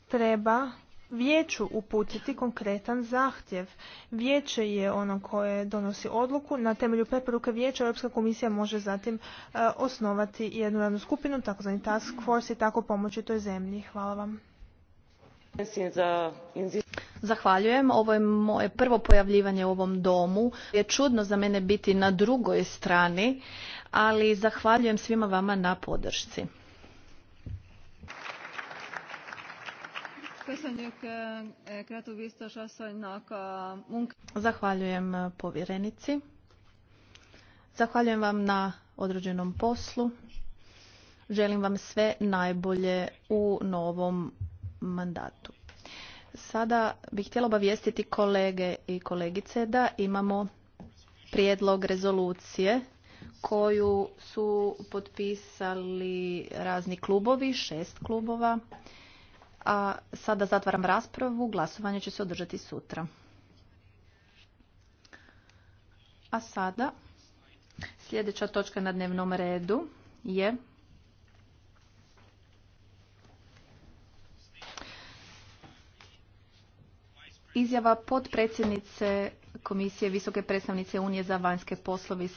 treba vijeću uputiti konkretan zahtjev. Vijeće je ono koje donosi odluku. Na temelju preporuke vijeća Europska komisija može zatim e, osnovati jednu radnu skupinu, takozvani task force i tako pomoći toj zemlji. Hvala vam. Zahvaljujem. Ovo je moje prvo pojavljivanje u ovom domu. Je čudno za mene biti na drugoj strani, ali zahvaljujem svima vama na podršci. Zahvaljujem povjerenici. Zahvaljujem vam na određenom poslu. Želim vam sve najbolje u novom mandatu. Sada bih htjela obavijestiti kolege i kolegice da imamo prijedlog rezolucije koju su potpisali razni klubovi, šest klubova. A sada zatvaram raspravu. Glasovanje će se održati sutra. A sada sljedeća točka na dnevnom redu je izjava potpredsjednice Komisije Visoke predstavnice Unije za vanjske poslove